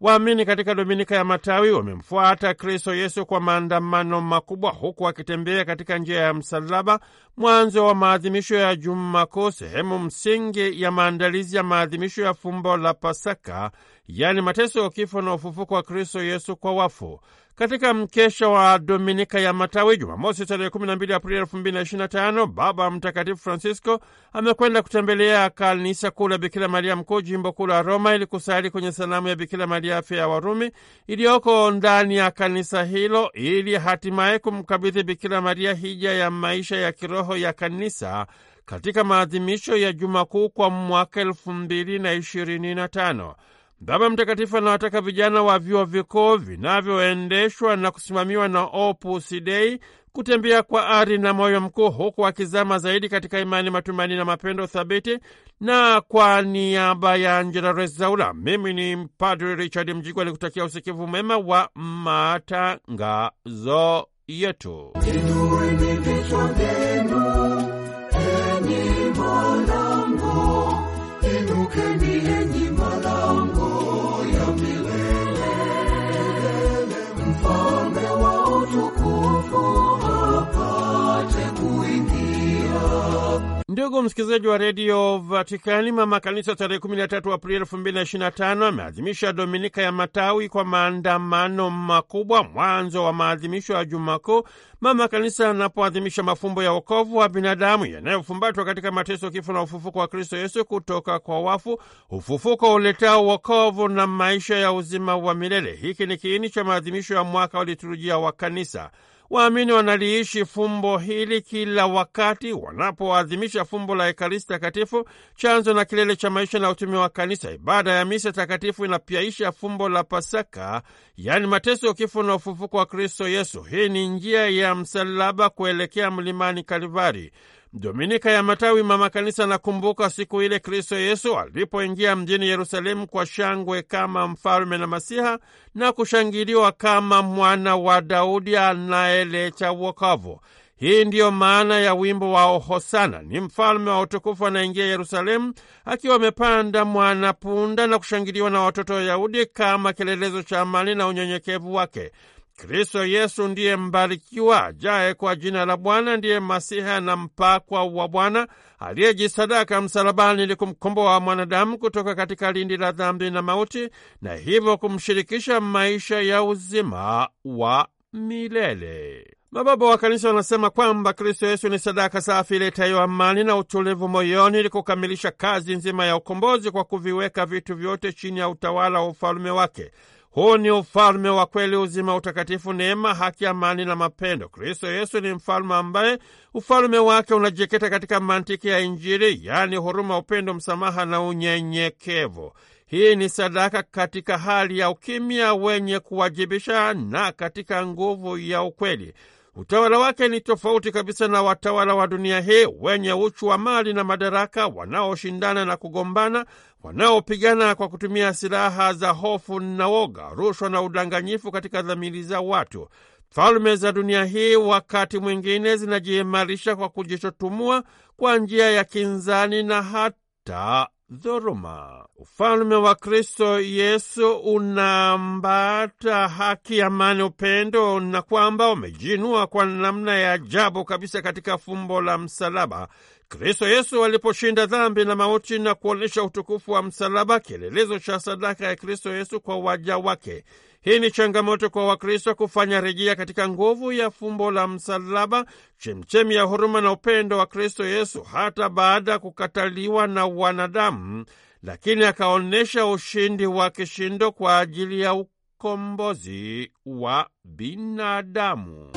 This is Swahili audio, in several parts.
Waamini katika Dominika ya Matawi wamemfuata Kristo Yesu kwa maandamano makubwa, huku akitembea katika njia ya msalaba, mwanzo wa maadhimisho ya Jumako, sehemu msingi ya maandalizi ya maadhimisho ya fumbo la Pasaka, yaani mateso, kifo na ufufuko wa Kristo Yesu kwa wafu. Katika mkesha wa Dominika ya Matawi, Jumamosi tarehe 12 Aprili 2025, Baba Mtakatifu Francisco amekwenda kutembelea kanisa kuu la Bikira Maria Mkuu, jimbo kuu la Roma, ili kusali kwenye sanamu ya Bikira Maria afya ya Warumi iliyoko ndani ya kanisa hilo, ili hatimaye kumkabidhi Bikira Maria hija ya maisha ya kiroho ya kanisa katika maadhimisho ya Juma Kuu kwa mwaka elfu mbili na ishirini na tano. Baba Mtakatifu anawataka vijana wa vyuo vikuu vinavyoendeshwa na kusimamiwa na Opus Dei kutembea kwa ari na moyo mkuu, huku akizama zaidi katika imani, matumaini na mapendo thabiti. Na kwa niaba ya Angela Rezaula, mimi ni Padre Richard Mjigwa, nikutakia usikivu mema wa matangazo yetu. Ndugu msikilizaji wa redio Vatikani, mama kanisa tarehe 13 Aprili 2025 ameadhimisha Dominika ya Matawi kwa maandamano makubwa, mwanzo wa maadhimisho ya Juma Kuu, mama kanisa anapoadhimisha mafumbo ya wokovu wa binadamu yanayofumbatwa katika mateso, kifo na ufufuko wa Kristo Yesu kutoka kwa wafu, ufufuko uletao wokovu na maisha ya uzima wa milele. Hiki ni kiini cha maadhimisho ya mwaka wa liturujia wa kanisa. Waamini wanaliishi fumbo hili kila wakati wanapoadhimisha fumbo la Ekaristi Takatifu, chanzo na kilele cha maisha na utumi wa Kanisa. Ibada ya misa takatifu inapiaisha fumbo la Pasaka, yaani mateso, kifo na ufufuko wa Kristo Yesu. Hii ni njia ya msalaba kuelekea mlimani Kalivari. Dominika ya Matawi, mama kanisa anakumbuka siku ile Kristo Yesu alipoingia mjini Yerusalemu kwa shangwe kama mfalme na Masiha na kushangiliwa kama mwana wa Daudi anayeleta wokovu. Hii ndiyo maana ya wimbo wa Hosana, ni mfalme wa utukufu anaingia Yerusalemu akiwa amepanda mwanapunda na kushangiliwa na watoto wa Yahudi kama kielelezo cha amani na unyenyekevu wake. Kristo Yesu ndiye mbarikiwa ajaye kwa jina la Bwana, ndiye masiha na mpakwa wa Bwana aliyejisadaka msalabani ili kumkomboa mwanadamu kutoka katika lindi la dhambi na mauti, na hivyo kumshirikisha maisha ya uzima wa milele. Mababa wa Kanisa wanasema kwamba Kristo Yesu ni sadaka safi iletayo amani na utulivu moyoni, ili kukamilisha kazi nzima ya ukombozi kwa kuviweka vitu vyote chini ya utawala wa ufalume wake. Huu ni ufalme wa kweli, uzima, utakatifu, neema, haki, amani na mapendo. Kristo Yesu ni mfalme ambaye ufalme wake unajikita katika mantiki ya Injili, yaani huruma, upendo, msamaha na unyenyekevu. Hii ni sadaka katika hali ya ukimya wenye kuwajibisha na katika nguvu ya ukweli. Utawala wake ni tofauti kabisa na watawala wa dunia hii wenye uchu wa mali na madaraka, wanaoshindana na kugombana, wanaopigana kwa kutumia silaha za hofu na woga, rushwa na udanganyifu katika dhamiri za watu. Falme za dunia hii wakati mwingine zinajiimarisha kwa kujichotumua kwa njia ya kinzani na hata dhuluma. Ufalme wa Kristo Yesu unaambata haki, amani, upendo na kwamba umejinua kwa namna ya ajabu kabisa katika fumbo la msalaba, Kristo Yesu aliposhinda dhambi na mauti na kuonyesha utukufu wa msalaba, kielelezo cha sadaka ya Kristo Yesu kwa waja wake. Hii ni changamoto kwa Wakristo kufanya rejea katika nguvu ya fumbo la msalaba, chemchemi ya huruma na upendo wa Kristo Yesu, hata baada ya kukataliwa na wanadamu, lakini akaonyesha ushindi wa kishindo kwa ajili ya ukombozi wa binadamu.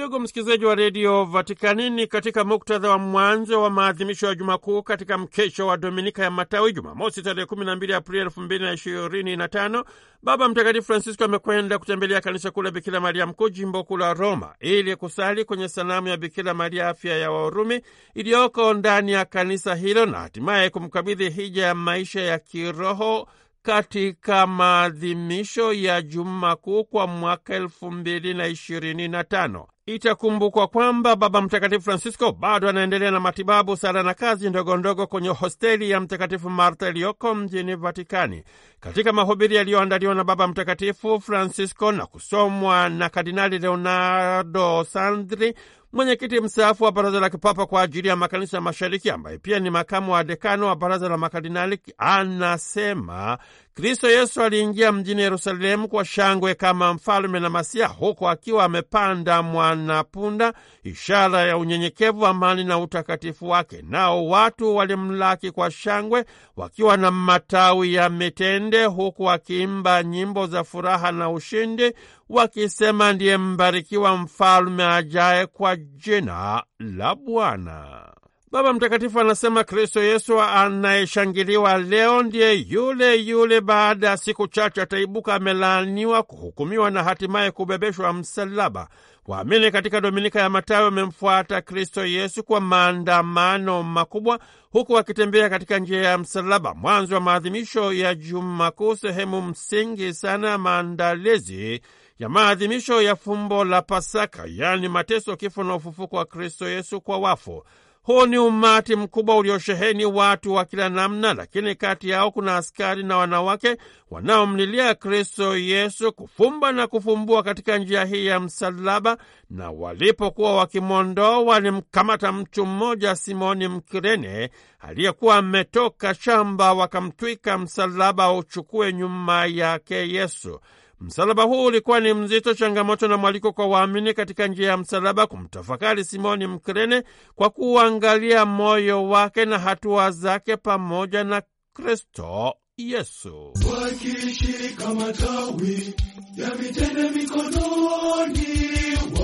ndugu msikilizaji wa redio Vatikanini, katika muktadha wa mwanzo wa maadhimisho ya Juma Kuu katika mkesho wa Dominika ya Matawi, Jumamosi tarehe 12 Aprili 2025, Baba Mtakatifu Francisco amekwenda kutembelea kanisa kuu la Bikira Maria Mkuu, jimbo kuu la Roma, ili kusali kwenye sanamu ya Bikira Maria afya ya wahurumi iliyoko ndani ya kanisa hilo na hatimaye kumkabidhi hija ya maisha ya kiroho katika maadhimisho ya Juma Kuu kwa mwaka elfu mbili na ishirini na tano. Itakumbukwa kwamba Baba Mtakatifu Francisco bado anaendelea na matibabu, sala na kazi ndogondogo ndogo kwenye hosteli ya Mtakatifu Marta iliyoko mjini Vatikani. Katika mahubiri yaliyoandaliwa na Baba Mtakatifu Francisco na kusomwa na Kardinali Leonardo Sandri, mwenyekiti mstaafu wa Baraza la Kipapa kwa ajili ya Makanisa ya Mashariki, ambaye pia ni makamu wa dekano wa Baraza la Makardinali, anasema Kristo Yesu aliingia mjini Yerusalemu kwa shangwe kama mfalme na Masia, huku akiwa amepanda mwanapunda, ishara ya unyenyekevu, amani na utakatifu wake. Nao watu walimlaki kwa shangwe, wakiwa na matawi ya mitende, huku akiimba nyimbo za furaha na ushindi, wakisema, ndiye mbarikiwa mfalme ajaye kwa jina la Bwana. Baba Mtakatifu anasema Kristo Yesu anayeshangiliwa leo ndiye yule yule, baada ya siku chache ataibuka amelaaniwa, kuhukumiwa na hatimaye kubebeshwa msalaba. Waamini katika Dominika ya Matawi wamemfuata Kristo Yesu kwa maandamano makubwa, huku wakitembea katika njia ya msalaba. Mwanzo wa maadhimisho ya Juma Kuu, sehemu msingi sana maandalizi ya maadhimisho ya fumbo la Pasaka, yaani mateso, kifo na ufufuko wa Kristo Yesu kwa wafu. Huu ni umati mkubwa uliosheheni watu wa kila namna, lakini kati yao kuna askari na wanawake wanaomlilia Kristo Yesu kufumba na kufumbua katika njia hii ya msalaba. Na walipokuwa wakimwondoa, walimkamata mtu mmoja, Simoni Mkirene, aliyekuwa ametoka shamba, wakamtwika msalaba uchukue nyuma yake Yesu. Msalaba huu ulikuwa ni mzito, changamoto na mwaliko kwa waamini katika njia ya msalaba kumtafakari Simoni Mkirene kwa kuangalia moyo wake na hatua zake pamoja na Kristo Yesu. Wakishika matawi ya mitende mikononi,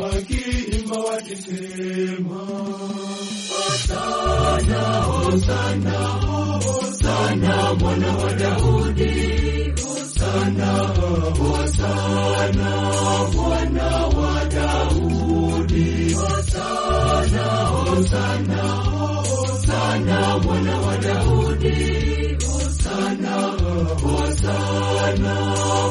wakiimba wakisema, Hosana, Hosana, Hosana, mwana wa Daudi. Bwana, Hosana, Bwana wa Daudi, Hosana, Hosana, Hosana, Bwana wa Daudi, Hosana, Hosana, Hosana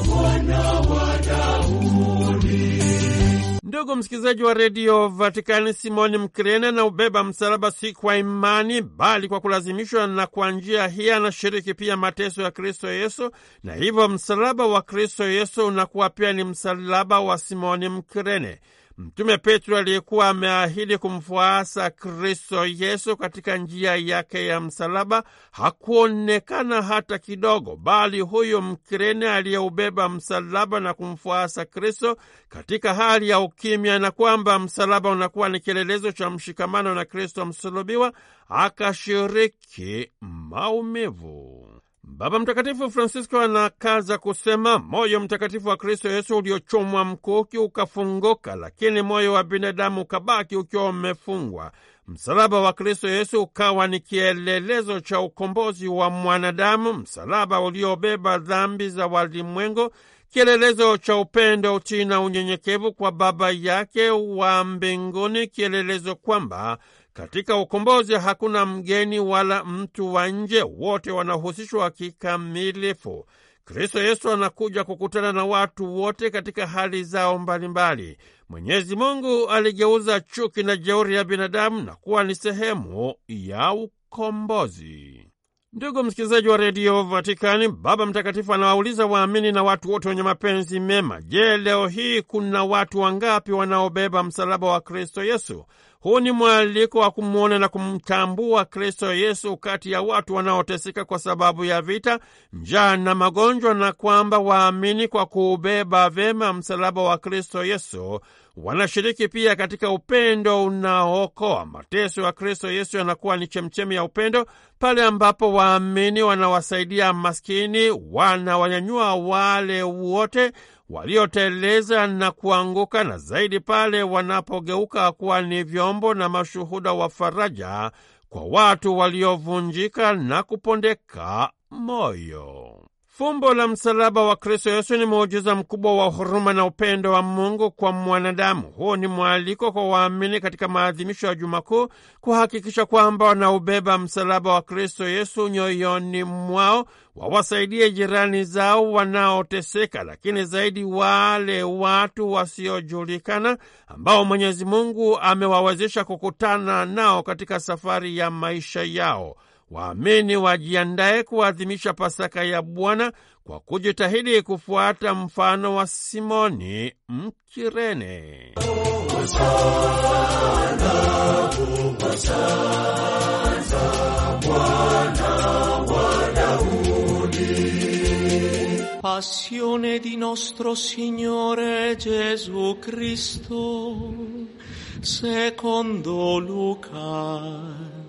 Ndugu msikilizaji wa redio Vatikani, Simoni Mkirene ubeba msalaba si kwa imani, bali kwa kulazimishwa, na kwa njia hii anashiriki pia mateso ya Kristo Yesu, na hivyo msalaba wa Kristo Yesu unakuwa pia ni msalaba wa Simoni Mkirene. Mtume Petro aliyekuwa ameahidi kumfuasa Kristo Yesu katika njia yake ya msalaba hakuonekana hata kidogo, bali huyo Mkirene aliyeubeba msalaba na kumfuasa Kristo katika hali ya ukimya, na kwamba msalaba unakuwa ni kielelezo cha mshikamano na Kristo msulubiwa, akashiriki maumivu. Baba Mtakatifu Francisco anakaza kusema moyo mtakatifu wa Kristo Yesu uliochomwa mkuki ukafunguka, lakini moyo wa binadamu ukabaki ukiwa umefungwa. Msalaba wa Kristo Yesu ukawa ni kielelezo cha ukombozi wa mwanadamu, msalaba uliobeba dhambi za walimwengu, kielelezo cha upendo, utii na unyenyekevu kwa Baba yake wa mbinguni, kielelezo kwamba katika ukombozi hakuna mgeni wala mtu wa nje, wote wanahusishwa kikamilifu. Kristo Yesu anakuja kukutana na watu wote katika hali zao mbalimbali. Mwenyezi Mungu aligeuza chuki na jeuri ya binadamu na kuwa ni sehemu ya ukombozi. Ndugu msikilizaji wa redio Vatikani, Baba Mtakatifu anawauliza waamini na watu wote wenye mapenzi mema: Je, leo hii kuna watu wangapi wanaobeba msalaba wa Kristo Yesu? Huu ni mwaliko wa kumwona na kumtambua Kristo Yesu kati ya watu wanaoteseka kwa sababu ya vita, njaa na magonjwa, na kwamba waamini kwa kuubeba vema msalaba wa Kristo Yesu wanashiriki pia katika upendo unaookoa. Mateso ya Kristo Yesu yanakuwa ni chemchemi ya upendo pale ambapo waamini wanawasaidia maskini, wanawanyanyua wale wote walioteleza na kuanguka, na zaidi pale wanapogeuka kuwa ni vyombo na mashuhuda wa faraja kwa watu waliovunjika na kupondeka moyo. Fumbo la msalaba wa Kristo Yesu ni muujiza mkubwa wa huruma na upendo wa Mungu kwa mwanadamu. Huu ni mwaliko kwa waamini katika maadhimisho ya Juma Kuu kuhakikisha kwamba wanaubeba msalaba wa Kristo Yesu nyoyoni mwao wawasaidie jirani zao wanaoteseka, lakini zaidi wale watu wasiojulikana ambao Mwenyezi Mungu amewawezesha kukutana nao katika safari ya maisha yao. Waamini wajiandaye kuadhimisha Pasaka ya Bwana kwa kujitahidi kufuata mfano wa Simoni Mkirene. Hosana, Hosana, Passione di nostro Signore Gesù Cristo, secondo Luca.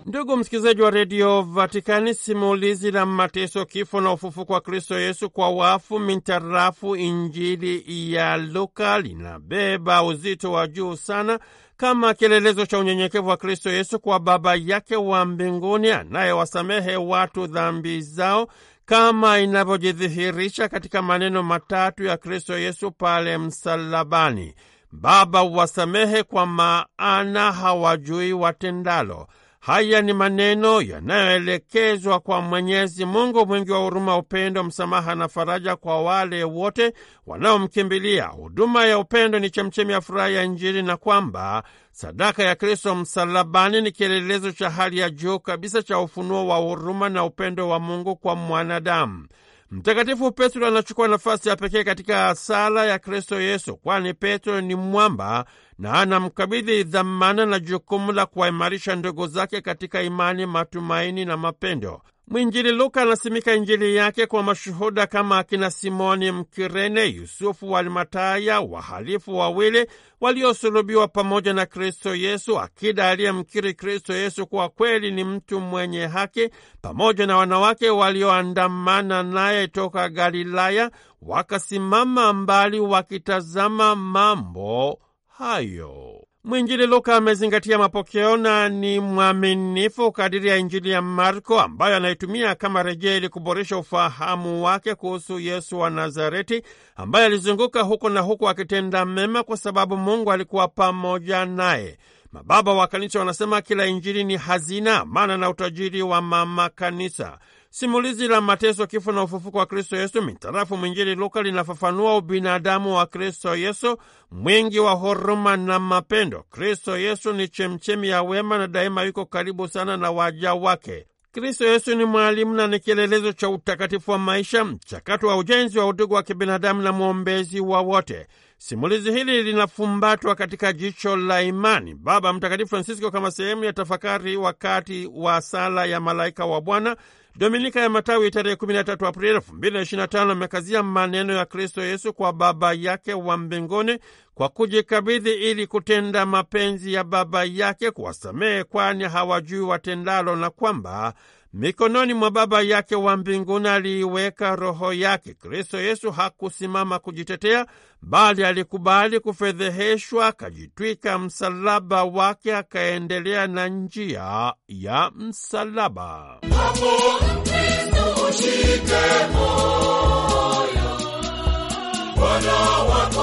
Ndugu msikilizaji wa redio Vatikani, simulizi la mateso, kifo na ufufuko wa Kristo Yesu kwa wafu mintarafu Injili ya Luka linabeba uzito wa juu sana kama kielelezo cha unyenyekevu wa Kristo Yesu kwa Baba yake wa mbinguni anayewasamehe watu dhambi zao kama inavyojidhihirisha katika maneno matatu ya Kristo Yesu pale msalabani: Baba, wasamehe kwa maana hawajui watendalo. Haya ni maneno yanayoelekezwa kwa Mwenyezi Mungu mwingi wa huruma, upendo, msamaha na faraja kwa wale wote wanaomkimbilia. Huduma ya upendo ni chemchemi ya furaha ya Injili na kwamba sadaka ya Kristo msalabani ni kielelezo cha hali ya juu kabisa cha ufunuo wa huruma na upendo wa Mungu kwa mwanadamu. Mtakatifu Petro anachukua nafasi ya pekee katika sala ya Kristo Yesu, kwani Petro ni mwamba na anamkabidhi dhamana na jukumu la kuwaimarisha ndugu zake katika imani, matumaini na mapendo. Mwinjili Luka anasimika Injili yake kwa mashuhuda kama akina Simoni Mkirene, Yusufu wa Alimataya, wahalifu wawili waliosulubiwa pamoja na Kristo Yesu, akida aliyemkiri Kristo Yesu kwa kweli ni mtu mwenye haki, pamoja na wanawake walioandamana naye toka Galilaya, wakasimama mbali wakitazama mambo hayo. Mwinjili Luka amezingatia mapokeo na ni mwaminifu kadiri ya Injili ya Marko ambayo anaitumia kama rejea ili kuboresha ufahamu wake kuhusu Yesu wa Nazareti ambaye alizunguka huko na huko akitenda mema kwa sababu Mungu alikuwa pamoja naye. Mababa wa Kanisa wanasema kila Injili ni hazina, maana na utajiri wa mama Kanisa. Simulizi la mateso, kifo na ufufuko wa Kristo Yesu mitarafu mwinjili Luka linafafanua ubinadamu wa Kristo Yesu, mwingi wa huruma na mapendo. Kristo Yesu ni chemchemi ya wema na daima yuko karibu sana na waja wake. Kristo Yesu ni mwalimu na ni kielelezo cha utakatifu wa maisha, mchakato wa ujenzi wa udugu wa kibinadamu na mwombezi wa wote. Simulizi hili linafumbatwa katika jicho la imani. Baba Mtakatifu Francisco, kama sehemu ya tafakari wakati wa sala ya malaika wa Bwana Dominika ya Matawi tarehe 13 Aprili 2025 amekazia maneno ya Kristo Yesu kwa Baba yake wa mbinguni kwa kujikabidhi ili kutenda mapenzi ya Baba yake, kuwasamehe kwani hawajui watendalo, na kwamba mikononi mwa Baba yake wa mbinguni aliiweka roho yake. Kristo Yesu hakusimama kujitetea, bali alikubali kufedheheshwa, akajitwika msalaba wake, akaendelea na njia ya msalaba. Bwana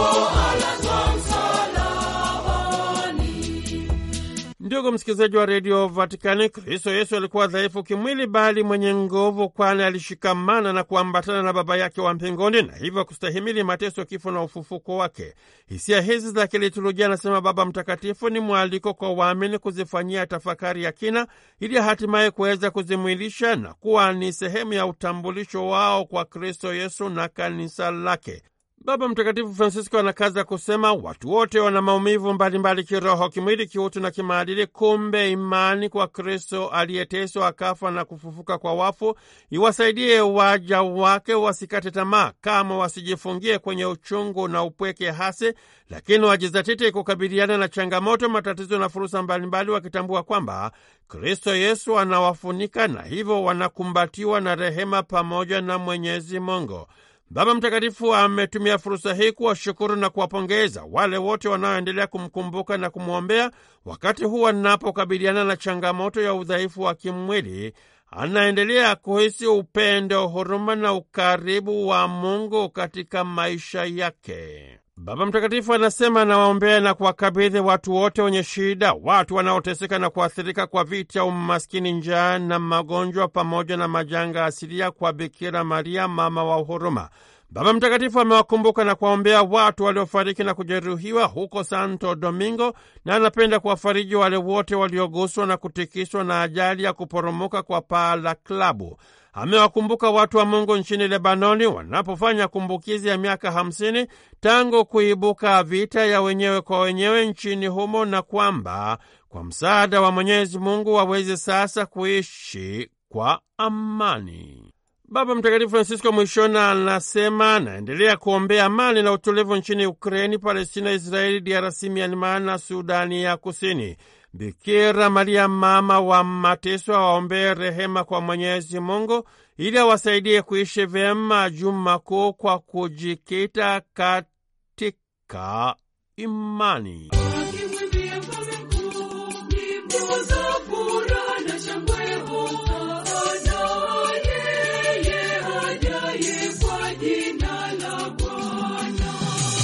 Ndugu msikilizaji wa redio Vatikani, Kristo Yesu alikuwa dhaifu kimwili, bali mwenye nguvu, kwani alishikamana na kuambatana na Baba yake wa mbinguni na hivyo kustahimili mateso, kifo na ufufuko wake. Hisia hizi za kiliturujia, anasema Baba Mtakatifu, ni mwaliko kwa waamini kuzifanyia tafakari ya kina, ili hatimaye kuweza kuzimwilisha na kuwa ni sehemu ya utambulisho wao kwa Kristo Yesu na kanisa lake. Baba Mtakatifu Francisco anakaza kusema watu wote wana maumivu mbalimbali kiroho, kimwili, kiutu na kimaadili. Kumbe imani kwa Kristo aliyeteswa akafa na kufufuka kwa wafu iwasaidie waja wake wasikate tamaa, kama wasijifungie kwenye uchungu na upweke hasi, lakini wajizatiti kukabiliana na changamoto, matatizo na fursa mbalimbali, wakitambua kwamba Kristo Yesu anawafunika na hivyo wanakumbatiwa na rehema pamoja na Mwenyezi Mungu. Baba Mtakatifu ametumia fursa hii kuwashukuru na kuwapongeza wale wote wanaoendelea kumkumbuka na kumwombea wakati huu anapokabiliana na changamoto ya udhaifu wa kimwili. Anaendelea kuhisi upendo, huruma na ukaribu wa Mungu katika maisha yake. Baba Mtakatifu anasema anawaombea na kuwakabidhi watu wote wenye shida, watu wanaoteseka na kuathirika kwa vita, umaskini, njaa na magonjwa, pamoja na majanga asilia, kwa Bikira Maria, mama wa huruma. Baba Mtakatifu amewakumbuka na kuwaombea watu waliofariki na kujeruhiwa huko Santo Domingo, na anapenda kuwafariji wale wote walioguswa na kutikiswa na ajali ya kuporomoka kwa paa la klabu amewakumbuka watu wa Mungu nchini Lebanoni wanapofanya kumbukizi ya miaka hamsini tangu kuibuka vita ya wenyewe kwa wenyewe nchini humo, na kwamba kwa msaada wa Mwenyezi Mungu waweze sasa kuishi kwa amani. Baba Mtakatifu Francisco mwishona anasema anaendelea kuombea amani na utulivu nchini Ukraini, Palestina, Israeli, DRC, Myanmar na Sudani ya Kusini. Bikira Maria mama wa mateso awaombee rehema kwa Mwenyezi Mungu ili awasaidie kuishi vyema juma kuu kwa kujikita katika imani.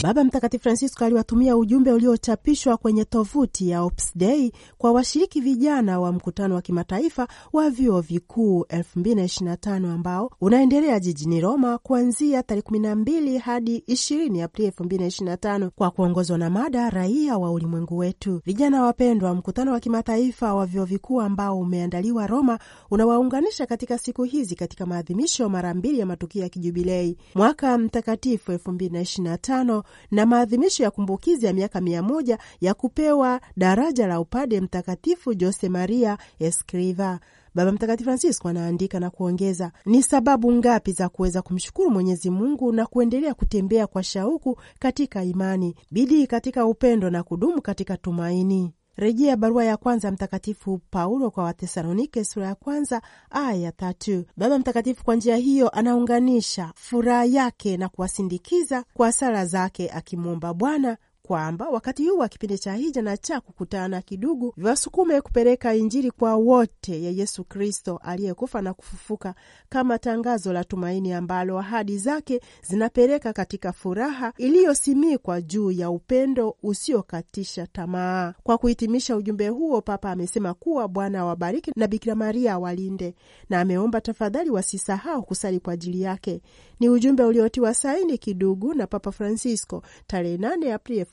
Baba Mtakatifu Francisco aliwatumia ujumbe uliochapishwa kwenye tovuti ya Opus Dei kwa washiriki vijana wa mkutano wa kimataifa wa vyuo vikuu 2025 ambao unaendelea jijini Roma kuanzia tarehe 12 hadi 20 Aprili 2025 kwa kuongozwa na mada raia wa ulimwengu wetu. Vijana wapendwa, mkutano wa kimataifa wa vyuo vikuu ambao umeandaliwa Roma unawaunganisha katika siku hizi katika maadhimisho mara mbili ya matukio ya kijubilei mwaka mtakatifu 2025 na maadhimisho ya kumbukizi ya miaka mia moja ya kupewa daraja la upade Mtakatifu Jose Maria Escriva. Baba Mtakatifu Francisco anaandika na kuongeza, ni sababu ngapi za kuweza kumshukuru Mwenyezi Mungu na kuendelea kutembea kwa shauku katika imani, bidii katika upendo na kudumu katika tumaini. Rejea barua ya kwanza Mtakatifu Paulo kwa Watesalonike sura ya kwanza aya ya tatu. Baba Mtakatifu kwa njia hiyo anaunganisha furaha yake na kuwasindikiza kwa sala zake akimwomba Bwana kwamba wakati huu wa kipindi cha hija na cha kukutana kidugu, viwasukume kupeleka Injili kwa wote ya Yesu Kristo aliyekufa na kufufuka kama tangazo la tumaini ambalo ahadi zake zinapeleka katika furaha iliyosimikwa juu ya upendo usiokatisha tamaa. Kwa kuhitimisha ujumbe huo, Papa amesema kuwa Bwana awabariki na Bikira Maria awalinde, na ameomba tafadhali wasisahau kusali kwa ajili yake. Ni ujumbe uliotiwa saini kidugu na Papa Francisco tarehe 8 Aprili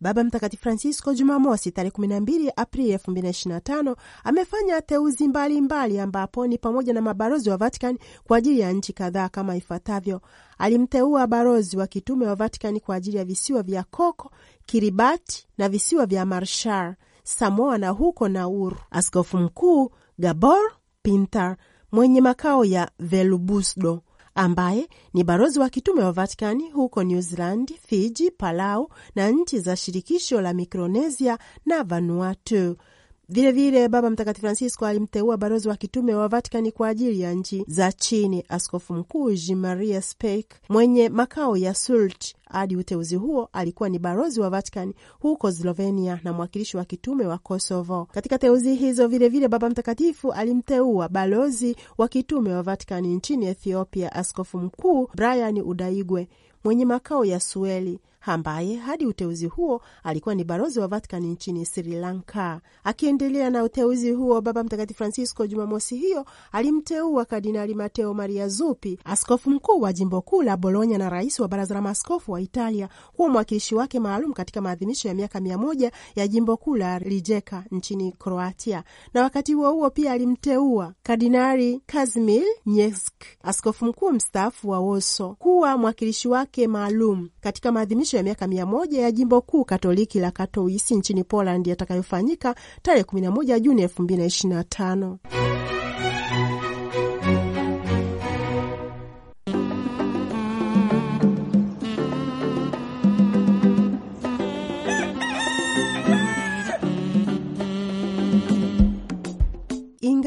Baba Mtakatifu Francisco Jumamosi tarehe 12 Aprili 2025 amefanya teuzi mbalimbali mbali, ambapo ni pamoja na mabalozi wa Vatican kwa ajili ya nchi kadhaa kama ifuatavyo. Alimteua balozi wa kitume wa Vatican kwa ajili ya visiwa vya Koko, Kiribati na visiwa vya Marshall, Samoa na huko Nauru, askofu mkuu Gabor Pintar mwenye makao ya Velubusdo ambaye ni balozi wa kitume wa Vatikani huko New Zealand, Fiji, Palau na nchi za shirikisho la Mikronesia na Vanuatu. Vilevile vile Baba Mtakatifu Francisco alimteua balozi wa kitume wa Vatikani kwa ajili ya nchi za chini, askofu mkuu Jean Maria Speck mwenye makao ya Sult. Hadi uteuzi huo alikuwa ni balozi wa Vatican huko Slovenia na mwakilishi wa kitume wa Kosovo. Katika teuzi hizo vilevile vile Baba Mtakatifu alimteua balozi wa kitume wa Vatican nchini Ethiopia, askofu mkuu Brian Udaigwe mwenye makao ya Sueli ambaye hadi uteuzi huo alikuwa ni balozi wa Vatican nchini Sri Lanka. Akiendelea na uteuzi huo, Baba Mtakatifu Francisco Jumamosi hiyo alimteua Kardinali Mateo Maria Zuppi, askofu mkuu wa jimbo kuu la Bologna na rais wa baraza la maaskofu wa Italia, kuwa mwakilishi wake maalum katika maadhimisho ya miaka mia moja ya jimbo kuu la Rijeka nchini Kroatia. Na wakati huo huo pia alimteua Kardinali Kazimir Nyesk, askofu mkuu mstaafu wa Woso, kuwa mwakilishi wake maalum katika maadhimisho ya miaka mia moja ya jimbo kuu katoliki la katoisi nchini Poland yatakayofanyika tarehe 11 Juni 2025.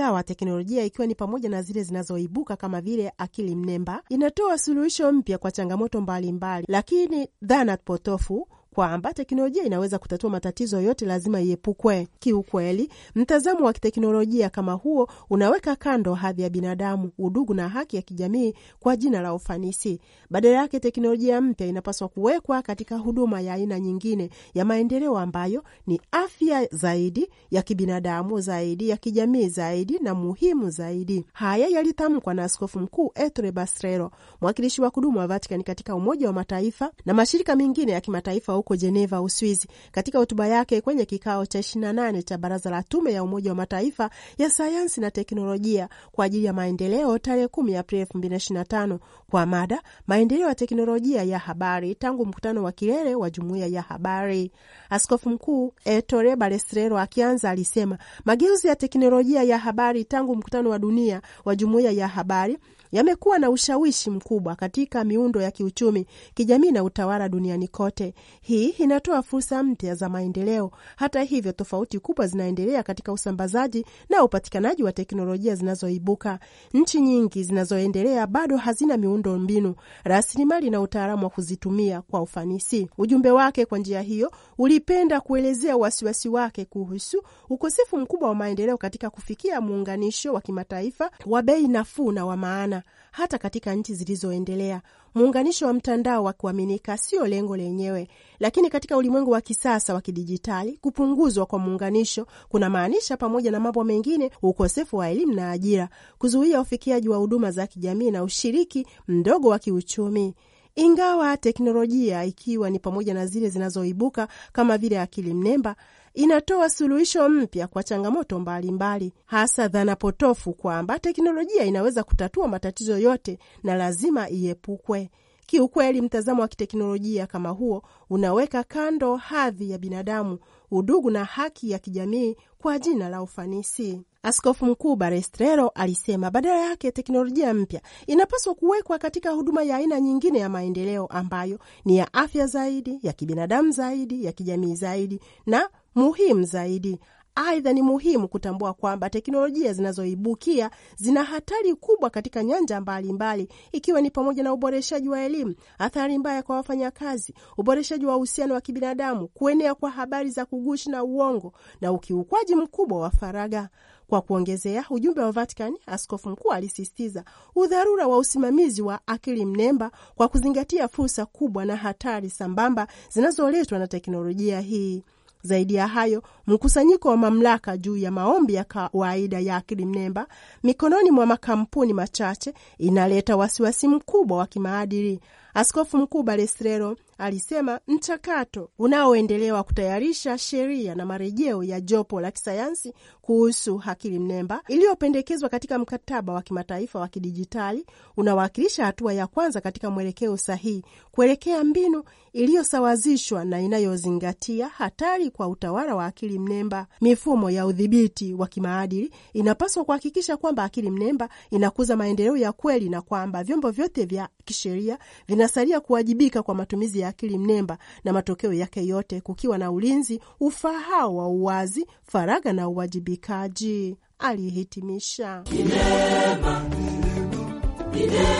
ingawa teknolojia ikiwa ni pamoja na zile zinazoibuka kama vile akili mnemba inatoa suluhisho mpya kwa changamoto mbalimbali mbali, lakini dhana potofu kwamba teknolojia inaweza kutatua matatizo yote lazima iepukwe. Kiukweli, mtazamo wa kiteknolojia kama huo unaweka kando hadhi ya binadamu, udugu na haki ya kijamii kwa jina la ufanisi. Badala yake, teknolojia mpya inapaswa kuwekwa katika huduma ya aina nyingine ya maendeleo ambayo ni afya zaidi, ya kibinadamu zaidi, ya kijamii zaidi na muhimu zaidi. Haya yalitamkwa na askofu mkuu Ettore Bastrero, mwakilishi wa kudumu wa Vatican katika Umoja wa Mataifa na mashirika mengine ya kimataifa huko Jeneva, Uswizi. Katika hotuba yake kwenye kikao cha 28 cha baraza la tume ya Umoja wa Mataifa ya sayansi na teknolojia kwa ajili ya maendeleo tarehe 10 Aprili 2025 kwa mada maendeleo ya teknolojia ya habari tangu mkutano wa kilele wa jumuiya ya habari, Askofu Mkuu Ettore Balestrero akianza alisema mageuzi ya teknolojia ya habari tangu mkutano wa dunia wa jumuiya ya habari yamekuwa na ushawishi mkubwa katika miundo ya kiuchumi, kijamii na utawala duniani kote. Hii inatoa fursa mpya za maendeleo. Hata hivyo, tofauti kubwa zinaendelea katika usambazaji na upatikanaji wa teknolojia zinazoibuka. Nchi nyingi zinazoendelea bado hazina miundo mbinu, rasilimali na utaalamu wa kuzitumia kwa ufanisi. Ujumbe wake kwa njia hiyo ulipenda kuelezea wasiwasi wake kuhusu ukosefu mkubwa wa maendeleo katika kufikia muunganisho wa kimataifa wa bei nafuu na wa maana hata katika nchi zilizoendelea. Muunganisho wa mtandao wa kuaminika sio lengo lenyewe, lakini katika ulimwengu wa kisasa wa kidijitali, kupunguzwa kwa muunganisho kuna maanisha, pamoja na mambo mengine, ukosefu wa elimu na ajira, kuzuia ufikiaji wa huduma za kijamii na ushiriki mdogo wa kiuchumi. Ingawa teknolojia ikiwa ni pamoja na zile zinazoibuka kama vile akili mnemba inatoa suluhisho mpya kwa changamoto mbalimbali mbali, hasa dhana potofu kwamba teknolojia inaweza kutatua matatizo yote na lazima iepukwe. Kiukweli, mtazamo wa kiteknolojia kama huo unaweka kando hadhi ya binadamu, udugu na haki ya kijamii kwa jina la ufanisi. Askofu Mkuu barestrero alisema badala yake teknolojia mpya inapaswa kuwekwa katika huduma ya aina nyingine ya maendeleo ambayo ni ya afya zaidi, ya kibinadamu zaidi, ya kijamii zaidi na muhimu zaidi. Aidha, ni muhimu kutambua kwamba teknolojia zinazoibukia zina hatari kubwa katika nyanja mbalimbali mbali, ikiwa ni pamoja na uboreshaji wa elimu, athari mbaya kwa wafanyakazi, uboreshaji wa uhusiano wa kibinadamu, kuenea kwa habari za kugushi na uongo na ukiukwaji mkubwa wa faragha. Kwa kuongezea, ujumbe wa Vatican, askofu mkuu alisisitiza udharura wa usimamizi wa akili mnemba kwa kuzingatia fursa kubwa na hatari sambamba zinazoletwa na teknolojia hii. Zaidi ya hayo, mkusanyiko wa mamlaka juu ya maombi ya kawaida ya akili mnemba mikononi mwa makampuni machache inaleta wasiwasi mkubwa wa kimaadili. Askofu Mkuu Balestrero alisema mchakato unaoendelea wa kutayarisha sheria na marejeo ya jopo la kisayansi kuhusu akili mnemba iliyopendekezwa katika mkataba wa kimataifa wa kidijitali unawakilisha hatua ya kwanza katika mwelekeo sahihi kuelekea mbinu iliyosawazishwa na inayozingatia hatari kwa utawala wa akili mnemba. Mifumo ya udhibiti wa kimaadili inapaswa kuhakikisha kwamba akili mnemba inakuza maendeleo ya kweli na kwamba vyombo vyote vya kisheria vinasalia kuwajibika kwa matumizi ya akili mnemba na matokeo yake yote, kukiwa na ulinzi ufahao wa uwazi, faragha na uwajibikaji, alihitimisha Kinema. Kinema.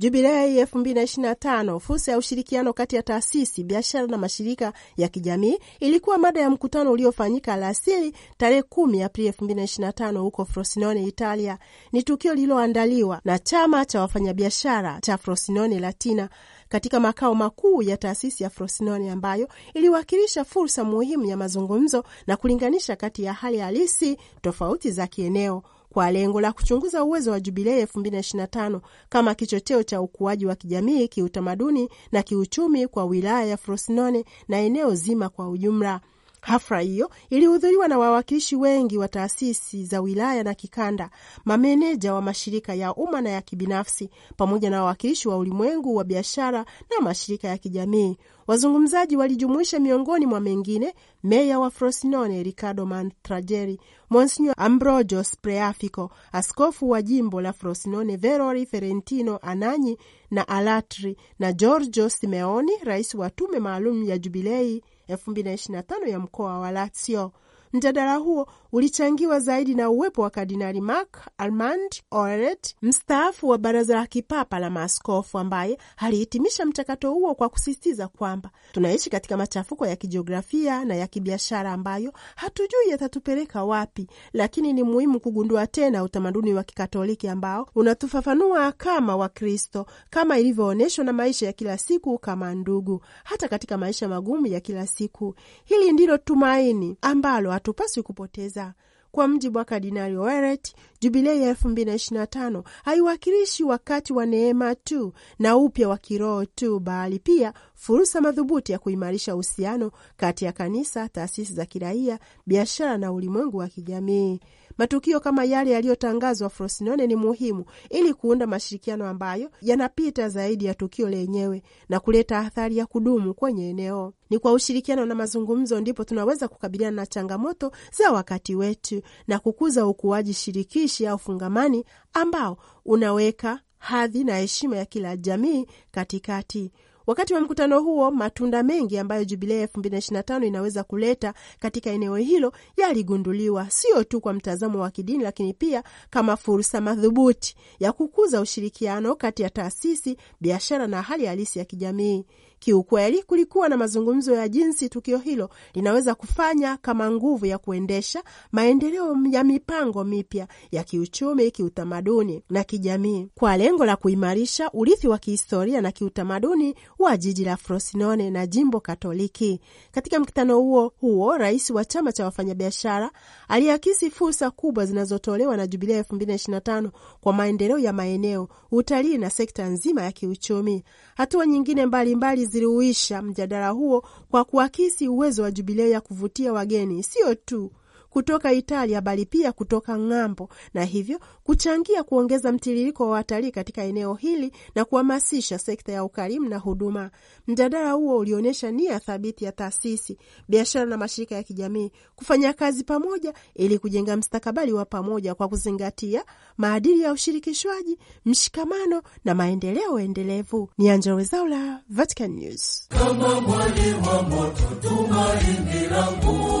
Jubilei elfu mbili na na tano, fursa ya ushirikiano kati ya taasisi, biashara na mashirika ya kijamii ilikuwa mada ya mkutano uliofanyika alasiri tarehe kumi Aprili elfu mbili na na tano huko Frosinone, Italia. Ni tukio lililoandaliwa na chama cha wafanyabiashara cha Frosinone Latina katika makao makuu ya taasisi ya Frosinone ambayo iliwakilisha fursa muhimu ya mazungumzo na kulinganisha kati ya hali halisi tofauti za kieneo kwa lengo la kuchunguza uwezo wa jubilei Jubilee tano kama kichocheo cha ukuaji wa kijamii, kiutamaduni na kiuchumi kwa wilaya ya Frosinone na eneo zima kwa ujumla. Hafla hiyo ilihudhuriwa na wawakilishi wengi wa taasisi za wilaya na kikanda, mameneja wa mashirika ya umma na ya kibinafsi, pamoja na wawakilishi wa ulimwengu wa biashara na mashirika ya kijamii. Wazungumzaji walijumuisha miongoni mwa mengine, meya wa Frosinone Ricardo Mantrajeri, Monsignor Ambrogio Spreafico, askofu wa jimbo la Frosinone Verori Ferentino Ananyi na Alatri, na Giorgio Simeoni, rais wa tume maalum ya Jubilei 2025 ya mkoa wa Lazio. Mjadala huo ulichangiwa zaidi na uwepo wa Kardinali mak Armand Oret, mstaafu wa Baraza la Kipapa la Maaskofu, ambaye alihitimisha mchakato huo kwa kusisitiza kwamba tunaishi katika machafuko ya kijiografia na ya kibiashara ambayo hatujui yatatupeleka wapi, lakini ni muhimu kugundua tena utamaduni wa Kikatoliki ambao unatufafanua kama Wakristo, kama ilivyoonyeshwa na maisha ya kila siku, kama ndugu, hata katika maisha magumu ya kila siku. Hili ndilo tumaini ambalo hatupaswi kupoteza. Uingereza. Kwa mjibu wa Kardinali Oeret, jubilei ya 2025 haiwakilishi wakati wa neema tu na upya wa kiroho tu, bali pia fursa madhubuti ya kuimarisha uhusiano kati ya kanisa, taasisi za kiraia, biashara na ulimwengu wa kijamii. Matukio kama yale yaliyotangazwa Frosinone ni muhimu ili kuunda mashirikiano ambayo yanapita zaidi ya tukio lenyewe na kuleta athari ya kudumu kwenye eneo. Ni kwa ushirikiano na mazungumzo ndipo tunaweza kukabiliana na changamoto za wakati wetu na kukuza ukuaji shirikishi au fungamani ambao unaweka hadhi na heshima ya kila jamii katikati. Wakati wa mkutano huo, matunda mengi ambayo Jubilee 2025 inaweza kuleta katika eneo hilo yaligunduliwa, sio tu kwa mtazamo wa kidini, lakini pia kama fursa madhubuti ya kukuza ushirikiano kati ya taasisi, biashara na hali halisi ya kijamii. Kiukweli, kulikuwa na mazungumzo ya jinsi tukio hilo linaweza kufanya kama nguvu ya kuendesha maendeleo ya mipango mipya ya kiuchumi, kiutamaduni na kijamii kwa lengo la kuimarisha urithi wa kihistoria na kiutamaduni wa jiji la Frosinone na jimbo Katoliki. Katika mkutano huo huo, rais wa chama cha wafanyabiashara aliakisi fursa kubwa zinazotolewa na Jubilia 2025 kwa maendeleo ya maeneo, utalii na sekta nzima ya kiuchumi. Hatua nyingine mbalimbali mbali ziliuisha mjadala huo kwa kuakisi uwezo wa jubilei ya kuvutia wageni sio tu kutoka Italia bali pia kutoka ng'ambo, na hivyo kuchangia kuongeza mtiririko wa watalii katika eneo hili na kuhamasisha sekta ya ukarimu na huduma. Mjadala huo ulionyesha nia thabiti ya taasisi, biashara na mashirika ya kijamii kufanya kazi pamoja ili kujenga mstakabali wa pamoja kwa kuzingatia maadili ya ushirikishwaji, mshikamano na maendeleo endelevu. Ni Angella Rwezaula, Vatican News. Kama mwali wa moto, tumaini langu